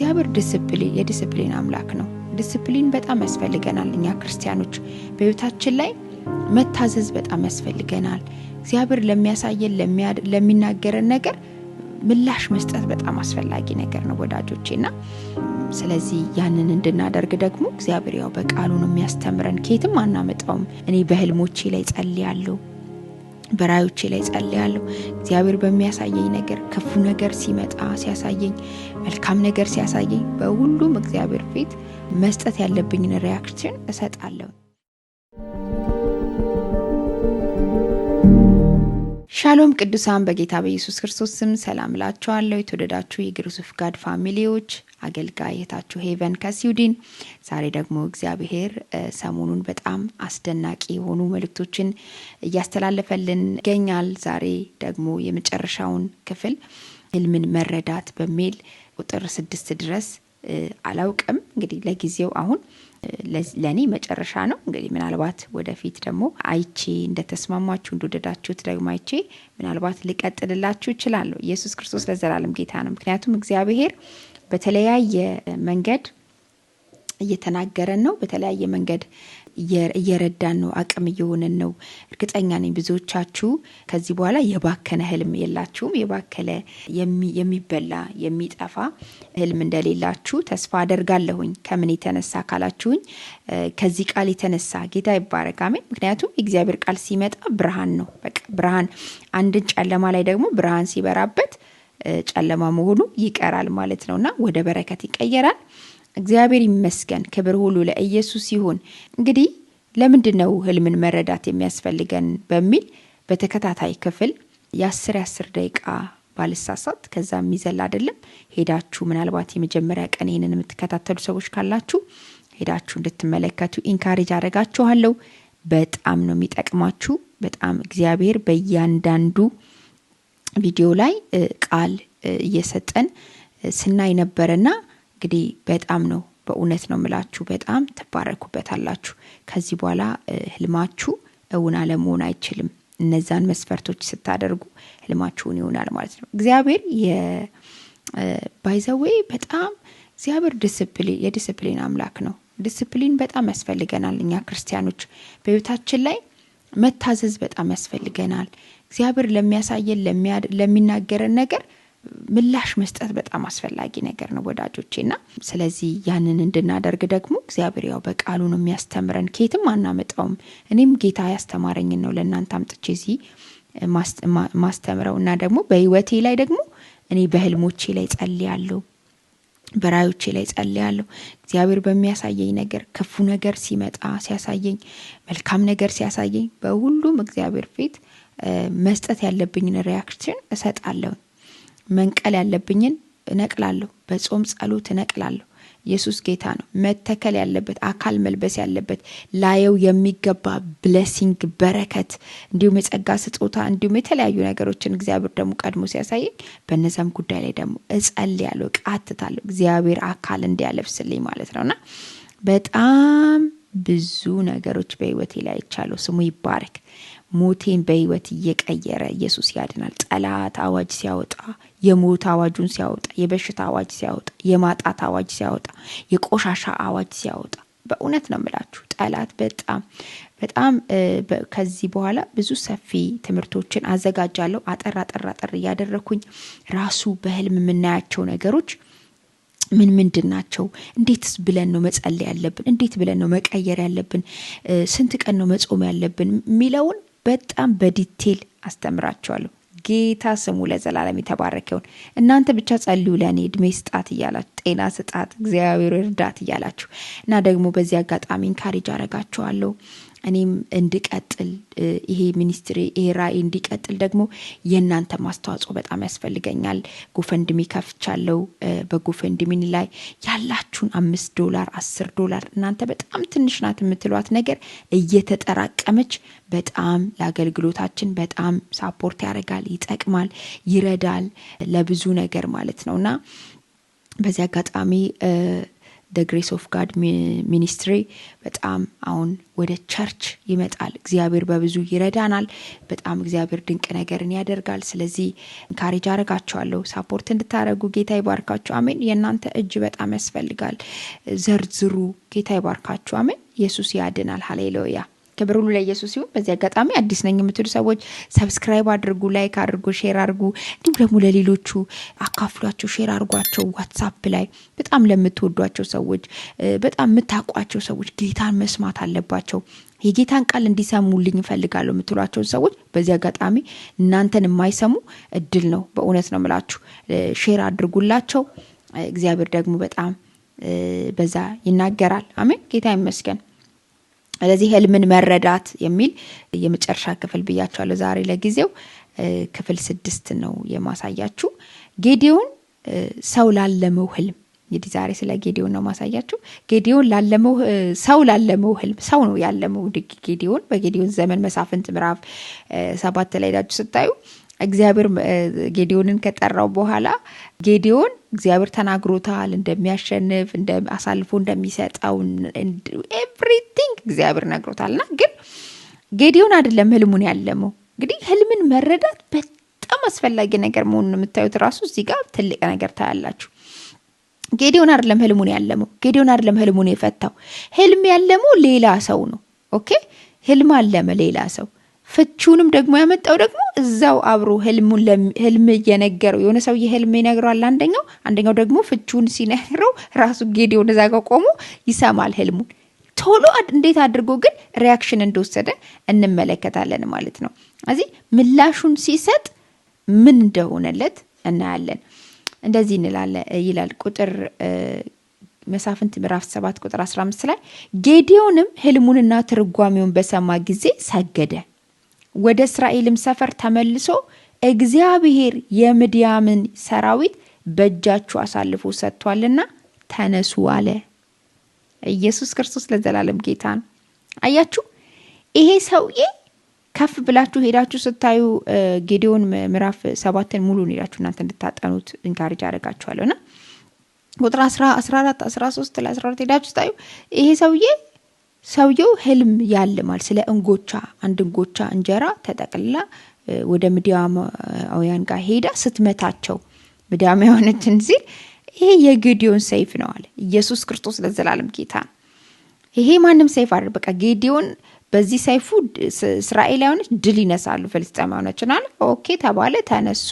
እግዚአብሔር ዲስፕሊን የዲስፕሊን አምላክ ነው። ዲስፕሊን በጣም ያስፈልገናል። እኛ ክርስቲያኖች በህይወታችን ላይ መታዘዝ በጣም ያስፈልገናል። እግዚአብሔር ለሚያሳየን ለሚናገረን ነገር ምላሽ መስጠት በጣም አስፈላጊ ነገር ነው ወዳጆቼ። እና ስለዚህ ያንን እንድናደርግ ደግሞ እግዚአብሔር ያው በቃሉ ነው የሚያስተምረን፣ ኬትም አናመጣውም። እኔ በህልሞቼ ላይ ጸልያለሁ በራዮቼ ላይ ጸልያለሁ። እግዚአብሔር በሚያሳየኝ ነገር ክፉ ነገር ሲመጣ ሲያሳየኝ፣ መልካም ነገር ሲያሳየኝ፣ በሁሉም እግዚአብሔር ፊት መስጠት ያለብኝን ሪያክሽን እሰጣለሁ። ሻሎም ቅዱሳን በጌታ በኢየሱስ ክርስቶስ ስም ሰላም ላችኋለሁ። የተወደዳችሁ የግሩሱፍ ጋድ ፋሚሊዎች አገልጋየታችሁ ሄቨን ከስዊድን። ዛሬ ደግሞ እግዚአብሔር ሰሞኑን በጣም አስደናቂ የሆኑ መልእክቶችን እያስተላለፈልን ይገኛል። ዛሬ ደግሞ የመጨረሻውን ክፍል ህልምን መረዳት በሚል ቁጥር ስድስት ድረስ አላውቅም እንግዲህ ለጊዜው አሁን ለእኔ መጨረሻ ነው። እንግዲህ ምናልባት ወደፊት ደግሞ አይቼ እንደተስማማችሁ እንደወደዳችሁት ደግሞ አይቼ ምናልባት ልቀጥልላችሁ እችላለሁ። ኢየሱስ ክርስቶስ ለዘላለም ጌታ ነው። ምክንያቱም እግዚአብሔር በተለያየ መንገድ እየተናገረን ነው። በተለያየ መንገድ እየረዳን ነው፣ አቅም እየሆነን ነው። እርግጠኛ ነኝ ብዙዎቻችሁ ከዚህ በኋላ የባከነ ህልም የላችሁም። የባከለ የሚበላ የሚጠፋ ህልም እንደሌላችሁ ተስፋ አደርጋለሁኝ። ከምን የተነሳ ካላችሁኝ ከዚህ ቃል የተነሳ ጌታ ይባረክ፣ አሜን። ምክንያቱም የእግዚአብሔር ቃል ሲመጣ ብርሃን ነው። በቃ ብርሃን አንድን ጨለማ ላይ ደግሞ ብርሃን ሲበራበት ጨለማ መሆኑ ይቀራል ማለት ነውና ወደ በረከት ይቀየራል። እግዚአብሔር ይመስገን። ክብር ሁሉ ለኢየሱስ ይሁን። እንግዲህ ለምንድን ነው ህልምን መረዳት የሚያስፈልገን በሚል በተከታታይ ክፍል የአስር የአስር ደቂቃ ባልሳሳት ከዛ የሚዘል አይደለም ሄዳችሁ ምናልባት የመጀመሪያ ቀን ይህንን የምትከታተሉ ሰዎች ካላችሁ ሄዳችሁ እንድትመለከቱ ኢንካሬጅ አደረጋችኋለሁ። በጣም ነው የሚጠቅማችሁ። በጣም እግዚአብሔር በእያንዳንዱ ቪዲዮ ላይ ቃል እየሰጠን ስናይ ነበረና እንግዲህ በጣም ነው በእውነት ነው የምላችሁ፣ በጣም ትባረኩበታላችሁ። ከዚህ በኋላ ህልማችሁ እውን አለመሆን አይችልም። እነዛን መስፈርቶች ስታደርጉ ህልማችሁን ይሆናል ማለት ነው። እግዚአብሔር ባይዘዌ በጣም እግዚአብሔር ዲስፕሊን የዲስፕሊን አምላክ ነው። ዲስፕሊን በጣም ያስፈልገናል። እኛ ክርስቲያኖች በህይወታችን ላይ መታዘዝ በጣም ያስፈልገናል። እግዚአብሔር ለሚያሳየን ለሚናገረን ነገር ምላሽ መስጠት በጣም አስፈላጊ ነገር ነው ና ስለዚህ ያንን እንድናደርግ ደግሞ እግዚአብሔር ያው በቃሉ ነው የሚያስተምረን፣ ኬትም አናመጣውም። እኔም ጌታ ያስተማረኝን ነው ለእናንተ አምጥቼ እዚህ ማስተምረው እና ደግሞ በህይወቴ ላይ ደግሞ እኔ በህልሞቼ ላይ ጸልያለሁ፣ በራዮቼ ላይ ጸልያለሁ። እግዚአብሔር በሚያሳየኝ ነገር ክፉ ነገር ሲመጣ ሲያሳየኝ፣ መልካም ነገር ሲያሳየኝ፣ በሁሉም እግዚአብሔር ፊት መስጠት ያለብኝን ሪያክሽን እሰጣለሁ። መንቀል ያለብኝን እነቅላለሁ። በጾም ጸሎት እነቅላለሁ። ኢየሱስ ጌታ ነው። መተከል ያለበት አካል መልበስ ያለበት ላየው የሚገባ ብለሲንግ በረከት፣ እንዲሁም የጸጋ ስጦታ፣ እንዲሁም የተለያዩ ነገሮችን እግዚአብሔር ደግሞ ቀድሞ ሲያሳየኝ በነዛም ጉዳይ ላይ ደግሞ እጸልያለሁ፣ ቃትታለሁ እግዚአብሔር አካል እንዲያለብስልኝ ማለት ነውና በጣም ብዙ ነገሮች በህይወቴ ላይ ይቻለሁ። ስሙ ይባረክ። ሞቴን በህይወት እየቀየረ ኢየሱስ ያድናል። ጠላት አዋጅ ሲያወጣ፣ የሞት አዋጁን ሲያወጣ፣ የበሽታ አዋጅ ሲያወጣ፣ የማጣት አዋጅ ሲያወጣ፣ የቆሻሻ አዋጅ ሲያወጣ፣ በእውነት ነው የምላችሁ ጠላት በጣም በጣም ከዚህ በኋላ ብዙ ሰፊ ትምህርቶችን አዘጋጃለሁ። አጠር አጠር አጠር እያደረኩኝ ራሱ በህልም የምናያቸው ነገሮች ምን ምንድን ናቸው? እንዴትስ ብለን ነው መጸለይ ያለብን? እንዴት ብለን ነው መቀየር ያለብን? ስንት ቀን ነው መጾም ያለብን? የሚለውን በጣም በዲቴል አስተምራቸዋለሁ። ጌታ ስሙ ለዘላለም የተባረከውን። እናንተ ብቻ ጸልዩ፣ ለእኔ እድሜ ስጣት እያላችሁ፣ ጤና ስጣት፣ እግዚአብሔር እርዳት እያላችሁ እና ደግሞ በዚህ አጋጣሚ እንካሬጅ አረጋችኋለሁ። እኔም እንድቀጥል ይሄ ሚኒስትሪ ይሄ ራዕይ እንዲቀጥል ደግሞ የእናንተ ማስተዋጽኦ በጣም ያስፈልገኛል። ጎፈንድሚ ከፍቻለው። በጎፈንድሚን ላይ ያላችሁን አምስት ዶላር አስር ዶላር እናንተ በጣም ትንሽ ናት የምትሏት ነገር እየተጠራቀመች በጣም ለአገልግሎታችን በጣም ሳፖርት ያደርጋል፣ ይጠቅማል፣ ይረዳል ለብዙ ነገር ማለት ነው እና በዚህ አጋጣሚ ደ ግሬስ ኦፍ ጋድ ሚኒስትሪ በጣም አሁን ወደ ቸርች ይመጣል። እግዚአብሔር በብዙ ይረዳናል። በጣም እግዚአብሔር ድንቅ ነገርን ያደርጋል። ስለዚህ እንካሬጅ አረጋቸዋለሁ ሳፖርት እንድታደረጉ ጌታ ይባርካችሁ። አሜን። የእናንተ እጅ በጣም ያስፈልጋል። ዘርዝሩ። ጌታ ይባርካችሁ። አሜን። ኢየሱስ ያድናል። ሀሌሉያ ክብር ሁሉ ለኢየሱስ ይሁን። በዚህ አጋጣሚ አዲስ ነኝ የምትሉ ሰዎች ሰብስክራይብ አድርጉ፣ ላይክ አድርጉ፣ ሼር አድርጉ። እንዲሁም ደግሞ ለሌሎቹ አካፍሏቸው፣ ሼር አድርጓቸው። ዋትሳፕ ላይ በጣም ለምትወዷቸው ሰዎች፣ በጣም የምታውቋቸው ሰዎች ጌታን መስማት አለባቸው የጌታን ቃል እንዲሰሙልኝ እፈልጋለሁ የምትሏቸውን ሰዎች በዚህ አጋጣሚ እናንተን የማይሰሙ እድል ነው። በእውነት ነው ምላችሁ ሼር አድርጉላቸው። እግዚአብሔር ደግሞ በጣም በዛ ይናገራል። አሜን። ጌታ ይመስገን። ስለዚህ ህልምን መረዳት የሚል የመጨረሻ ክፍል ብያቸዋለሁ። ዛሬ ለጊዜው ክፍል ስድስት ነው የማሳያችሁ። ጌዲዮን ሰው ላለመው ህልም እንግዲህ ዛሬ ስለ ጌዲዮን ነው ማሳያችሁ። ጌዲዮን ላለመው ሰው ላለመው ህልም ሰው ነው ያለመው ጌዲዮን። በጌዲዮን ዘመን መሳፍንት ምዕራፍ ሰባት ላይ ሄዳችሁ ስታዩ እግዚአብሔር ጌዲዮንን ከጠራው በኋላ ጌዲዮን እግዚአብሔር ተናግሮታል እንደሚያሸንፍ አሳልፎ እንደሚሰጠው ኤቭሪቲንግ እግዚአብሔር ና ግን ጌዲዮን አይደለም ህልሙን ያለመው። እንግዲህ ህልምን መረዳት በጣም አስፈላጊ ነገር መሆኑን የምታዩት ራሱ እዚህ ጋር ትልቅ ነገር ታያላችሁ። ጌዲዮን አይደለም ህልሙን ያለመው። ጌዲዮን አይደለም ህልሙን የፈታው። ህልም ያለመው ሌላ ሰው ነው። ኦኬ፣ ህልም አለመ ሌላ ሰው ፍቹንም ደግሞ ያመጣው ደግሞ እዛው አብሮ ህልሙን ህልም እየነገረው የሆነ ሰውዬ ህልም ይነግረዋል አንደኛው አንደኛው ደግሞ ፍቹን ሲነግረው ራሱ ጌዲዮን እዛ ጋር ቆሞ ይሰማል ህልሙን። ቶሎ እንዴት አድርጎ ግን ሪያክሽን እንደወሰደ እንመለከታለን ማለት ነው። እዚህ ምላሹን ሲሰጥ ምን እንደሆነለት እናያለን። እንደዚህ እንላለ ይላል ቁጥር መሳፍንት ምዕራፍ 7 ቁጥር 15 ላይ ጌዲዮንም ህልሙንና ትርጓሜውን በሰማ ጊዜ ሰገደ ወደ እስራኤልም ሰፈር ተመልሶ እግዚአብሔር የምድያምን ሰራዊት በእጃችሁ አሳልፎ ሰጥቷልና ተነሱ አለ። ኢየሱስ ክርስቶስ ለዘላለም ጌታ ነው። አያችሁ፣ ይሄ ሰውዬ ከፍ ብላችሁ ሄዳችሁ ስታዩ ጌዲዮን ምዕራፍ ሰባትን ሙሉን ሄዳችሁ እናንተ እንድታጠኑት እንካርጅ አደርጋችኋለሁ እና ቁጥር 14 13 ለ14 ሄዳችሁ ስታዩ ይሄ ሰውዬ ሰውየው ህልም ያልማል። ስለ እንጎቻ አንድ እንጎቻ እንጀራ ተጠቅላ ወደ ምድያማውያን ጋር ሄዳ ስትመታቸው ምድያማውያኖችን ሲል ይሄ የጌዲዮን ሰይፍ ነው አለ። ኢየሱስ ክርስቶስ ለዘላለም ጌታ ይሄ ማንም ሰይፍ አይደል። በቃ ጌዲዮን በዚህ ሰይፉ እስራኤላውያኖች ድል ይነሳሉ ፍልስጤማውያኖችን አለ። ኦኬ ተባለ። ተነሱ፣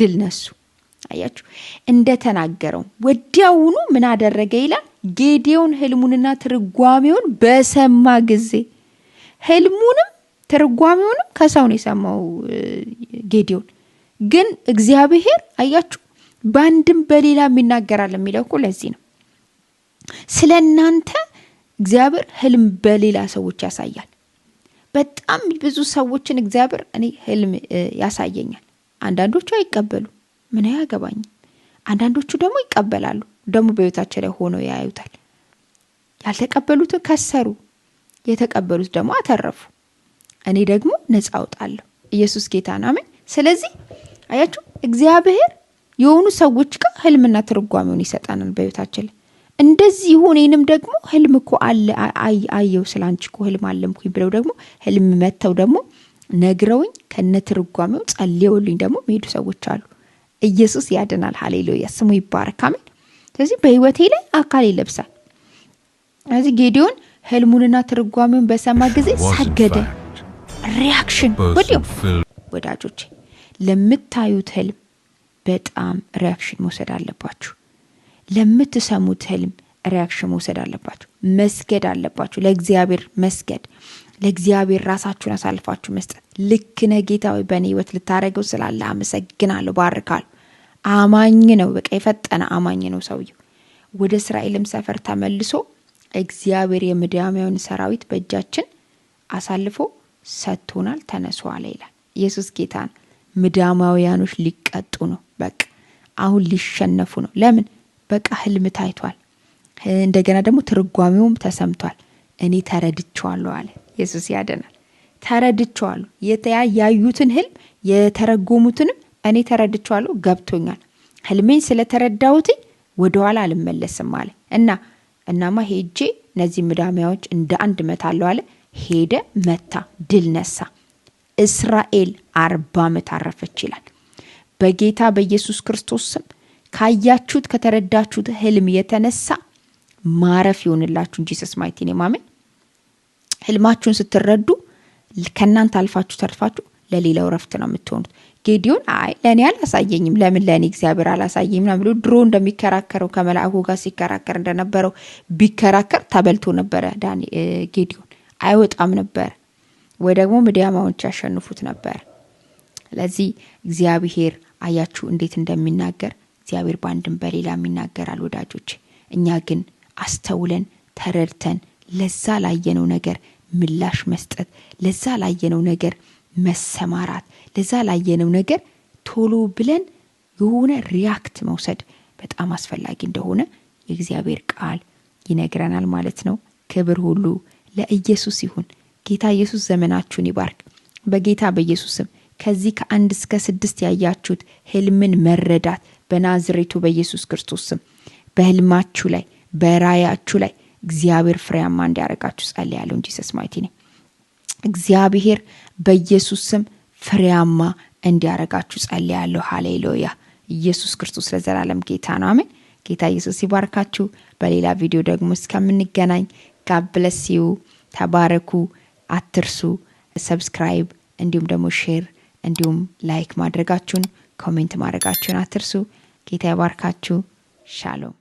ድል ነሱ። አያችሁ እንደተናገረው ወዲያውኑ ምን አደረገ ይላል ጌዴዎን ህልሙንና ትርጓሜውን በሰማ ጊዜ ህልሙንም ትርጓሜውንም ከሰው ነው የሰማው ጌዴዎን። ግን እግዚአብሔር አያችሁ በአንድም በሌላም የሚናገራል የሚለው እኮ ለዚህ ነው። ስለ እናንተ እግዚአብሔር ህልም በሌላ ሰዎች ያሳያል። በጣም ብዙ ሰዎችን እግዚአብሔር እኔ ህልም ያሳየኛል። አንዳንዶቹ አይቀበሉ ምን ያገባኝ አንዳንዶቹ ደግሞ ይቀበላሉ። ደግሞ በህይወታቸው ላይ ሆኖ ያዩታል። ያልተቀበሉትን ከሰሩ፣ የተቀበሉት ደግሞ አተረፉ። እኔ ደግሞ ነፃ አውጣለሁ። ኢየሱስ ጌታ ነው። አሜን። ስለዚህ አያችሁ እግዚአብሔር የሆኑ ሰዎች ጋር ህልምና ትርጓሚውን ይሰጠናል በህይወታችን ላይ እንደዚህ እኔንም ደግሞ ህልም እኮ አለ አየው ስለ አንቺ እኮ ህልም አለምኩኝ ብለው ደግሞ ህልም መተው ደግሞ ነግረውኝ ከነ ትርጓሚው ጸልየውልኝ ደግሞ የሚሄዱ ሰዎች አሉ። ኢየሱስ ያድናል። ሀሌሉያ ስሙ ይባረክ። አሜን። ስለዚህ በህይወቴ ላይ አካል ይለብሳል። ስለዚህ ጌዲዮን ህልሙንና ትርጓሜውን በሰማ ጊዜ ሰገደ። ሪያክሽን ወዳጆቼ ለምታዩት ህልም በጣም ሪያክሽን መውሰድ አለባችሁ። ለምትሰሙት ህልም ሪያክሽን መውሰድ አለባችሁ። መስገድ አለባችሁ። ለእግዚአብሔር መስገድ፣ ለእግዚአብሔር ራሳችሁን አሳልፋችሁ መስጠት። ልክነ ጌታዊ በእኔ ህይወት ልታደረገው ስላለ አመሰግናለሁ፣ ባርካል አማኝ ነው። በቃ የፈጠነ አማኝ ነው ሰውየው። ወደ እስራኤልም ሰፈር ተመልሶ እግዚአብሔር የምድያማዊውን ሰራዊት በእጃችን አሳልፎ ሰጥቶናል፣ ተነሱ አለ ይላል። ኢየሱስ ጌታ ነው። ምድያማውያኖች ሊቀጡ ነው። በቃ አሁን ሊሸነፉ ነው። ለምን? በቃ ህልም ታይቷል። እንደገና ደግሞ ትርጓሜውም ተሰምቷል። እኔ ተረድቸዋለሁ አለ ኢየሱስ። ያደናል። ተረድቼዋለሁ ያዩትን ህልም የተረጎሙትንም እኔ ተረድቸዋለሁ፣ ገብቶኛል። ህልሜን ስለተረዳሁትኝ ወደኋላ አልመለስም አለ እና እናማ ሄጄ እነዚህ ምዳሚያዎች እንደ አንድ መታለሁ አለ። ሄደ፣ መታ፣ ድል ነሳ። እስራኤል አርባ ዓመት አረፈች ይላል። በጌታ በኢየሱስ ክርስቶስ ስም ካያችሁት ከተረዳችሁት ህልም የተነሳ ማረፍ ይሆንላችሁ እንጂ ሰስ ማይቲ ኔ ማመን ህልማችሁን ስትረዱ ከእናንተ አልፋችሁ ተርፋችሁ ለሌላው ረፍት ነው የምትሆኑት። ጌዲዮን አይ ለእኔ አላሳየኝም፣ ለምን ለእኔ እግዚአብሔር አላሳየኝም ና ብሎ ድሮ እንደሚከራከረው ከመላእኩ ጋር ሲከራከር እንደነበረው ቢከራከር ተበልቶ ነበረ። ዳኒ ጌዲዮን አይወጣም ነበር ወይ ደግሞ ምድያማዎች ያሸንፉት ነበር። ስለዚህ እግዚአብሔር አያችሁ እንዴት እንደሚናገር እግዚአብሔር በአንድም በሌላም ይናገራል ወዳጆች። እኛ ግን አስተውለን ተረድተን ለዛ ላየነው ነገር ምላሽ መስጠት ለዛ ላየነው ነገር መሰማራት፣ ለዛ ላየነው ነገር ቶሎ ብለን የሆነ ሪያክት መውሰድ በጣም አስፈላጊ እንደሆነ የእግዚአብሔር ቃል ይነግረናል ማለት ነው። ክብር ሁሉ ለኢየሱስ ይሁን። ጌታ ኢየሱስ ዘመናችሁን ይባርክ። በጌታ በኢየሱስም ከዚህ ከአንድ እስከ ስድስት ያያችሁት ህልምን መረዳት በናዝሬቱ በኢየሱስ ክርስቶስ ስም በህልማችሁ ላይ በራያችሁ ላይ እግዚአብሔር ፍሬያማ ጸል ያለው እንጂ ሰስማይቲ ነኝ። እግዚአብሔር በኢየሱስ ስም ፍሬያማ እንዲያረጋችሁ ጸልያለሁ። ሀሌሉያ ኢየሱስ ክርስቶስ ለዘላለም ጌታ ነው። አሜን። ጌታ ኢየሱስ ይባርካችሁ። በሌላ ቪዲዮ ደግሞ እስከምንገናኝ ጋብለሲዩ ተባረኩ። አትርሱ ሰብስክራይብ፣ እንዲሁም ደግሞ ሼር፣ እንዲሁም ላይክ ማድረጋችሁን ኮሜንት ማድረጋችሁን አትርሱ። ጌታ ይባርካችሁ። ሻሎም